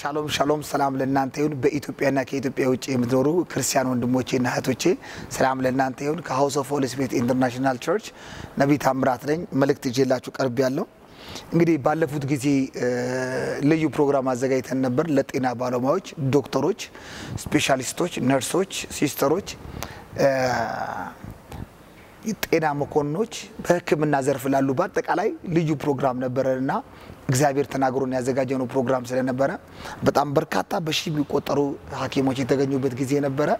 ሻሎም ሻሎም፣ ሰላም ለእናንተ ይሁን። በኢትዮጵያና ከኢትዮጵያ ውጭ የምትኖሩ ክርስቲያን ወንድሞቼና እህቶቼ ሰላም ለእናንተ ይሁን። ከሀውስ ኦፍ ሆሊ ስፒሪት ኢንተርናሽናል ቸርች ነቢይ ታምራት ነኝ። መልእክት ይዤላችሁ ቀርብ ያለው እንግዲህ ባለፉት ጊዜ ልዩ ፕሮግራም አዘጋጅተን ነበር ለጤና ባለሙያዎች፣ ዶክተሮች፣ ስፔሻሊስቶች፣ ነርሶች፣ ሲስተሮች ጤና መኮንኖች በሕክምና ዘርፍ ላሉ በአጠቃላይ ልዩ ፕሮግራም ነበረና እግዚአብሔር ተናግሮን ያዘጋጀነው ፕሮግራም ስለነበረ በጣም በርካታ በሺ የሚቆጠሩ ሐኪሞች የተገኙበት ጊዜ ነበረ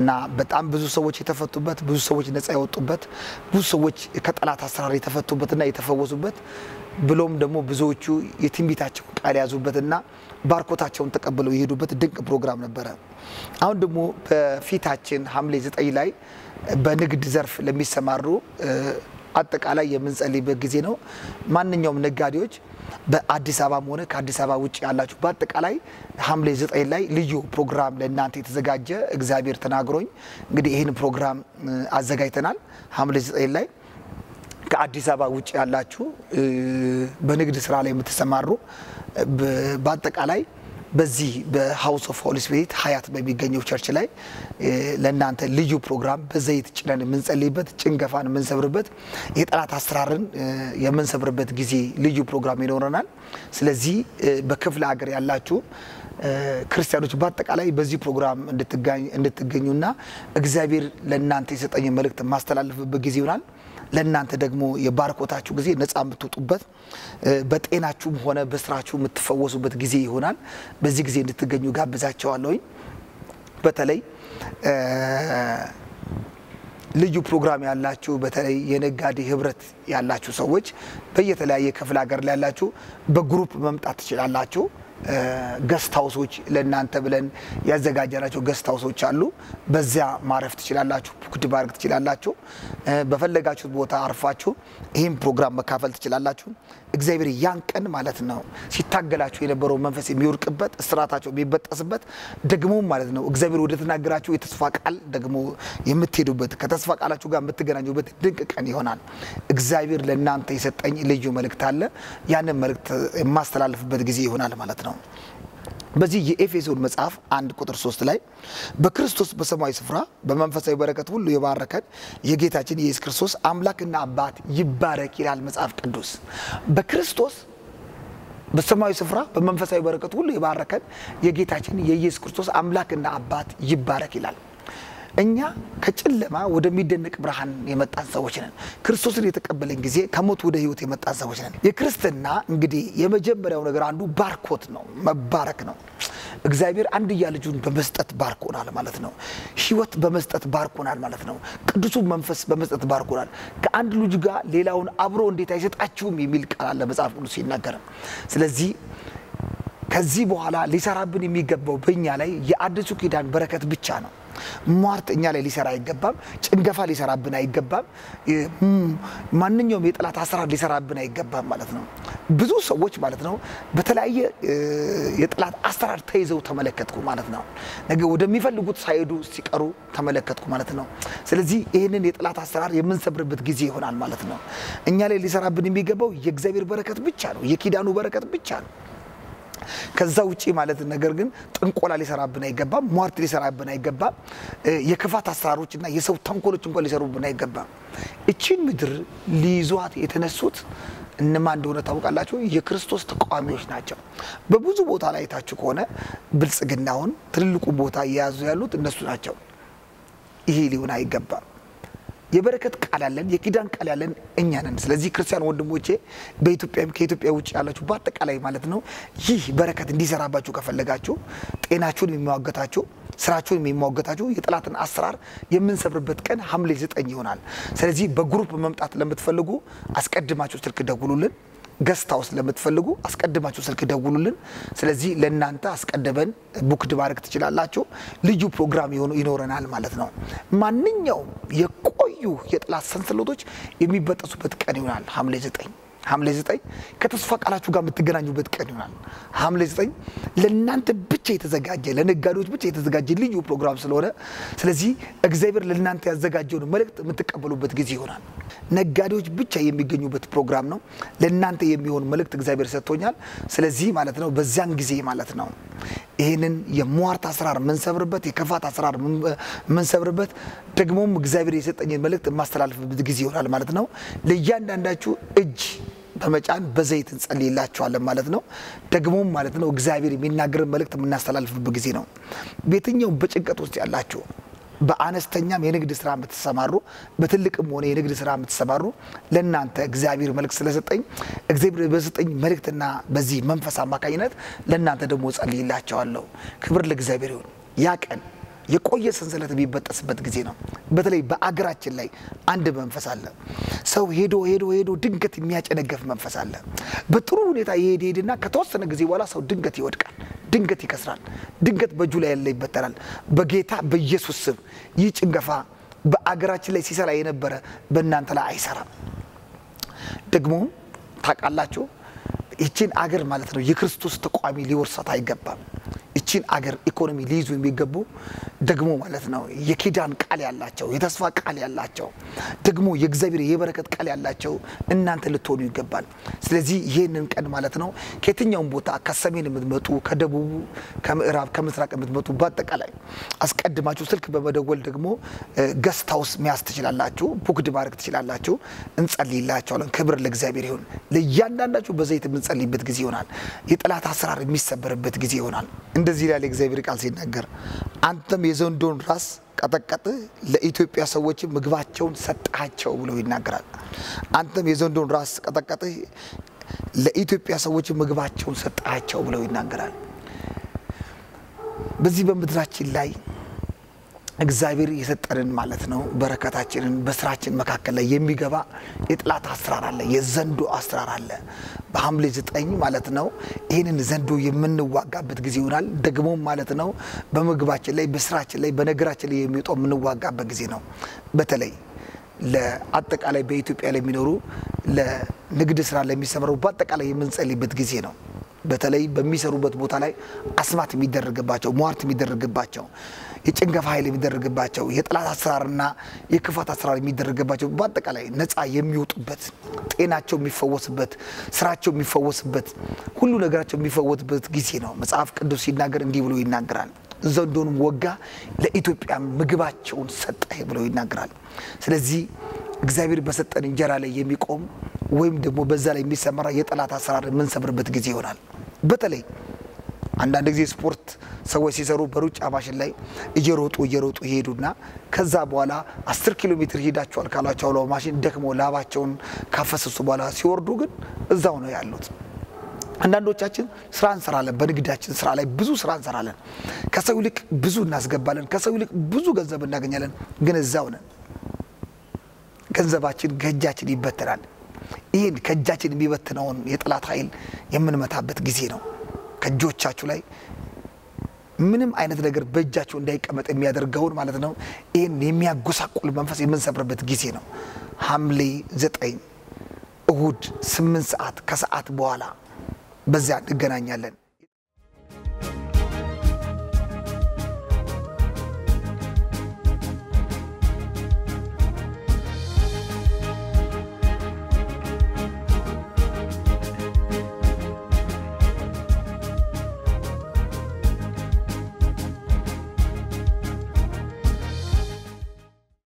እና በጣም ብዙ ሰዎች የተፈቱበት፣ ብዙ ሰዎች ነፃ የወጡበት፣ ብዙ ሰዎች ከጠላት አሰራር የተፈቱበትና የተፈወሱበት ብሎም ደግሞ ብዙዎቹ የትንቢታቸው ቃል የያዙበትና ባርኮታቸውን ተቀብለው የሄዱበት ድንቅ ፕሮግራም ነበረ። አሁን ደግሞ በፊታችን ሐምሌ ዘጠኝ ላይ በንግድ ዘርፍ ለሚሰማሩ አጠቃላይ የምንጸልይበት ጊዜ ነው። ማንኛውም ነጋዴዎች በአዲስ አበባም ሆነ ከአዲስ አበባ ውጭ ያላችሁ በአጠቃላይ ሐምሌ ዘጠኝ ላይ ልዩ ፕሮግራም ለእናንተ የተዘጋጀ እግዚአብሔር ተናግሮኝ እንግዲህ ይህን ፕሮግራም አዘጋጅተናል። ሐምሌ ዘጠኝ ላይ ከአዲስ አበባ ውጭ ያላችሁ በንግድ ስራ ላይ የምትሰማሩ በአጠቃላይ በዚህ በሃውስ ኦፍ ሆሊ ስፒሪት ሀያት በሚገኘው ቸርች ላይ ለእናንተ ልዩ ፕሮግራም በዘይት ጭነን የምንጸልይበት ጭንገፋን የምንሰብርበት የጠላት አሰራርን የምንሰብርበት ጊዜ ልዩ ፕሮግራም ይኖረናል። ስለዚህ በክፍለ ሀገር ያላችሁ ክርስቲያኖች በአጠቃላይ በዚህ ፕሮግራም እንድትገኙና እግዚአብሔር ለእናንተ የሰጠኝ መልእክት ማስተላለፍበት ጊዜ ይሆናል። ለእናንተ ደግሞ የባርኮታችሁ ጊዜ ነፃ የምትወጡበት በጤናችሁም ሆነ በስራችሁ የምትፈወሱበት ጊዜ ይሆናል። በዚህ ጊዜ እንድትገኙ ጋብዛቸዋለሁኝ። በተለይ ልዩ ፕሮግራም ያላችሁ በተለይ የነጋዴ ህብረት ያላችሁ ሰዎች በየተለያየ ክፍለ ሀገር ላይ ያላችሁ በግሩፕ መምጣት ትችላላችሁ። ገስት ሀውሶች ለእናንተ ብለን ያዘጋጀናቸው ገስት ሀውሶች አሉ። በዚያ ማረፍ ትችላላችሁ፣ ቡክድ ማድረግ ትችላላችሁ። በፈለጋችሁት ቦታ አርፋችሁ ይህም ፕሮግራም መካፈል ትችላላችሁ። እግዚአብሔር ያን ቀን ማለት ነው ሲታገላችሁ የነበረው መንፈስ የሚወድቅበት፣ እስራታቸው የሚበጠስበት ደግሞ ማለት ነው እግዚአብሔር ወደ ተናገራችሁ የተስፋ ቃል ደግሞ የምትሄዱበት ከተስፋ ቃላችሁ ጋር የምትገናኙበት ድንቅ ቀን ይሆናል። እግዚአብሔር ለእናንተ የሰጠኝ ልዩ መልእክት አለ። ያንን መልእክት የማስተላልፍበት ጊዜ ይሆናል ማለት ነው። ነው። በዚህ የኤፌሶን መጽሐፍ አንድ ቁጥር ሶስት ላይ በክርስቶስ በሰማያዊ ስፍራ በመንፈሳዊ በረከት ሁሉ የባረከን የጌታችን የኢየሱስ ክርስቶስ አምላክና አባት ይባረክ ይላል መጽሐፍ ቅዱስ። በክርስቶስ በሰማያዊ ስፍራ በመንፈሳዊ በረከት ሁሉ የባረከን የጌታችን የኢየሱስ ክርስቶስ አምላክና አባት ይባረክ ይላል። እኛ ከጨለማ ወደሚደነቅ ብርሃን የመጣን ሰዎች ነን። ክርስቶስን የተቀበለን ጊዜ ከሞት ወደ ሕይወት የመጣን ሰዎች ነን። የክርስትና እንግዲህ የመጀመሪያው ነገር አንዱ ባርኮት ነው፣ መባረክ ነው። እግዚአብሔር አንድያ ልጁን በመስጠት ባርኮናል ማለት ነው። ሕይወት በመስጠት ባርኮናል ማለት ነው። ቅዱሱን መንፈስ በመስጠት ባርኮናል። ከአንድ ልጁ ጋር ሌላውን አብሮ እንዴት አይሰጣችሁም የሚል ቃል አለ መጽሐፍ ቅዱስ ይናገር። ስለዚህ ከዚህ በኋላ ሊሰራብን የሚገባው በእኛ ላይ የአዲሱ ኪዳን በረከት ብቻ ነው። ሟርት እኛ ላይ ሊሰራ አይገባም። ጭንገፋ ሊሰራብን አይገባም። ማንኛውም የጠላት አሰራር ሊሰራብን አይገባም ማለት ነው። ብዙ ሰዎች ማለት ነው በተለያየ የጠላት አሰራር ተይዘው ተመለከትኩ ማለት ነው። ነገ ወደሚፈልጉት ሳይሄዱ ሲቀሩ ተመለከትኩ ማለት ነው። ስለዚህ ይህንን የጠላት አሰራር የምንሰብርበት ጊዜ ይሆናል ማለት ነው። እኛ ላይ ሊሰራብን የሚገባው የእግዚአብሔር በረከት ብቻ ነው። የኪዳኑ በረከት ብቻ ነው። ከዛ ውጪ ማለት ነገር ግን ጥንቆላ ሊሰራብን አይገባም። ሟርት ሊሰራብን አይገባም። የክፋት አሰራሮች እና የሰው ተንኮሎች እንኳን ሊሰሩብን አይገባም። እቺን ምድር ሊይዟት የተነሱት እነማን እንደሆነ ታውቃላችሁ? የክርስቶስ ተቃዋሚዎች ናቸው። በብዙ ቦታ ላይ አይታችሁ ከሆነ ብልጽግናውን ትልልቁ ቦታ እየያዙ ያሉት እነሱ ናቸው። ይሄ ሊሆን አይገባም። የበረከት ቃል ያለን የኪዳን ቃል ያለን እኛ ነን። ስለዚህ ክርስቲያን ወንድሞቼ በኢትዮጵያም ከኢትዮጵያ ውጭ ያላችሁ በአጠቃላይ ማለት ነው ይህ በረከት እንዲሰራባችሁ ከፈለጋችሁ ጤናችሁን የሚሟገታችሁ ስራችሁን የሚሟገታችሁ የጠላትን አሰራር የምንሰብርበት ቀን ሐምሌ ዘጠኝ ይሆናል። ስለዚህ በግሩፕ መምጣት ለምትፈልጉ አስቀድማችሁ ስልክ ደውሉልን። ገስት ሀውስ ለምትፈልጉ አስቀድማችሁ ስልክ ደውሉልን። ስለዚህ ለእናንተ አስቀድመን ቡክድ ማድረግ ትችላላችሁ። ልዩ ፕሮግራም ይኖረናል ማለት ነው። ማንኛውም የቆዩ የጠላት ሰንሰለቶች የሚበጠሱበት ቀን ይሆናል ሐምሌ 9 ሐምሌ 9 ከተስፋ ቃላችሁ ጋር የምትገናኙበት ቀን ይሆናል። ሐምሌ 9 ለእናንተ ብቻ የተዘጋጀ ለነጋዴዎች ብቻ የተዘጋጀ ልዩ ፕሮግራም ስለሆነ ስለዚህ እግዚአብሔር ለእናንተ ያዘጋጀውን መልእክት የምትቀበሉበት ጊዜ ይሆናል። ነጋዴዎች ብቻ የሚገኙበት ፕሮግራም ነው። ለእናንተ የሚሆን መልእክት እግዚአብሔር ሰጥቶኛል። ስለዚህ ማለት ነው በዚያን ጊዜ ማለት ነው ይህንን የሟርት አሰራር የምንሰብርበት የክፋት አሰራር የምንሰብርበት ደግሞም እግዚአብሔር የሰጠኝን መልእክት የማስተላልፍበት ጊዜ ይሆናል ማለት ነው ለእያንዳንዳችሁ እጅ በመጫን በዘይት እንጸልይላቸዋለን ማለት ነው። ደግሞም ማለት ነው እግዚአብሔር የሚናገርን መልእክት የምናስተላልፍበት ጊዜ ነው። በየትኛውም በጭንቀት ውስጥ ያላችሁ በአነስተኛም የንግድ ስራ የምትሰማሩ በትልቅም ሆነ የንግድ ስራ የምትሰማሩ ለእናንተ እግዚአብሔር መልእክት ስለሰጠኝ እግዚአብሔር በሰጠኝ መልእክትና በዚህ መንፈስ አማካኝነት ለእናንተ ደግሞ ጸልይላቸዋለሁ። ክብር ለእግዚአብሔር ይሁን። ያ ቀን የቆየ ሰንሰለት የሚበጠስበት ጊዜ ነው። በተለይ በአገራችን ላይ አንድ መንፈስ አለ። ሰው ሄዶ ሄዶ ሄዶ ድንገት የሚያጨነገፍ መንፈስ አለ። በጥሩ ሁኔታ የሄድ ሄድና ከተወሰነ ጊዜ በኋላ ሰው ድንገት ይወድቃል፣ ድንገት ይከስራል፣ ድንገት በእጁ ላይ ያለ ይበተናል። በጌታ በኢየሱስ ስም ይህ ጭንገፋ በአገራችን ላይ ሲሰራ የነበረ በእናንተ ላይ አይሰራም። ደግሞ ታውቃላችሁ ይቺን አገር ማለት ነው የክርስቶስ ተቋሚ ሊወርሳት አይገባም። ይችን አገር ኢኮኖሚ ሊይዙ የሚገቡ ደግሞ ማለት ነው የኪዳን ቃል ያላቸው የተስፋ ቃል ያላቸው ደግሞ የእግዚአብሔር የበረከት ቃል ያላቸው እናንተ ልትሆኑ ይገባል። ስለዚህ ይህንን ቀን ማለት ነው ከየትኛውም ቦታ ከሰሜን የምትመጡ ከደቡቡ፣ ከምዕራብ፣ ከምስራቅ የምትመጡ በአጠቃላይ አስቀድማችሁ ስልክ በመደወል ደግሞ ገስታውስ መያዝ ትችላላችሁ፣ ቡክድ ማድረግ ትችላላችሁ። እንጸልይላቸዋለን። ክብር ለእግዚአብሔር ይሁን። ለእያንዳንዳችሁ በዘይት የምንጸልይበት ጊዜ ይሆናል። የጠላት አሰራር የሚሰበርበት ጊዜ ይሆናል። እንደዚህ ላለ እግዚአብሔር ቃል ሲናገር አንተም የዘንዶን ራስ ቀጠቀጥህ፣ ለኢትዮጵያ ሰዎች ምግባቸውን ሰጣቸው ብሎ ይናገራል። አንተም የዘንዶን ራስ ቀጠቀጥህ፣ ለኢትዮጵያ ሰዎች ምግባቸውን ሰጣቸው ብለው ይናገራል። በዚህ በምድራችን ላይ እግዚአብሔር የሰጠንን ማለት ነው በረከታችንን በስራችን መካከል ላይ የሚገባ የጥላት አስራር አለ፣ የዘንዶ አስራር አለ። በሐምሌ ዘጠኝ ማለት ነው ይህንን ዘንዶ የምንዋጋበት ጊዜ ይሆናል። ደግሞ ማለት ነው በምግባችን ላይ በስራችን ላይ በነገራችን ላይ የሚወጣው የምንዋጋበት ጊዜ ነው። በተለይ ለአጠቃላይ በኢትዮጵያ ለሚኖሩ ለንግድ ስራ ለሚሰማሩ በአጠቃላይ የምንጸልይበት ጊዜ ነው። በተለይ በሚሰሩበት ቦታ ላይ አስማት የሚደረግባቸው ሟርት የሚደረግባቸው የጭንገፋ ኃይል የሚደረግባቸው የጠላት አሰራርና የክፋት አሰራር የሚደረግባቸው በአጠቃላይ ነፃ የሚወጡበት ጤናቸው የሚፈወስበት ስራቸው የሚፈወስበት ሁሉ ነገራቸው የሚፈወስበት ጊዜ ነው። መጽሐፍ ቅዱስ ሲናገር እንዲህ ብሎ ይናገራል። ዘንዶንም ወጋ፣ ለኢትዮጵያ ምግባቸውን ሰጠ ብሎ ይናገራል። ስለዚህ እግዚአብሔር በሰጠን እንጀራ ላይ የሚቆም ወይም ደግሞ በዛ ላይ የሚሰመራ የጠላት አሰራር የምንሰብርበት ጊዜ ይሆናል። በተለይ አንዳንድ ጊዜ ስፖርት ሰዎች ሲሰሩ በሩጫ ማሽን ላይ እየሮጡ እየሮጡ ይሄዱና ከዛ በኋላ አስር ኪሎ ሜትር ሄዳቸዋል ካሏቸው ለ ማሽን ደክሞ ላባቸውን ካፈሰሱ በኋላ ሲወርዱ ግን እዛው ነው ያሉት። አንዳንዶቻችን ስራ እንሰራለን። በንግዳችን ስራ ላይ ብዙ ስራ እንሰራለን። ከሰው ይልቅ ብዙ እናስገባለን። ከሰው ይልቅ ብዙ ገንዘብ እናገኛለን። ግን እዛው ነን። ገንዘባችን ከእጃችን ይበተናል። ይህን ከእጃችን የሚበትነውን የጠላት ኃይል የምንመታበት ጊዜ ነው። ከእጆቻችሁ ላይ ምንም አይነት ነገር በእጃችሁ እንዳይቀመጥ የሚያደርገውን ማለት ነው። ይህን የሚያጎሳቁል መንፈስ የምንሰብርበት ጊዜ ነው። ሐምሌ ዘጠኝ እሁድ ስምንት ሰዓት ከሰዓት በኋላ በዚያ እንገናኛለን።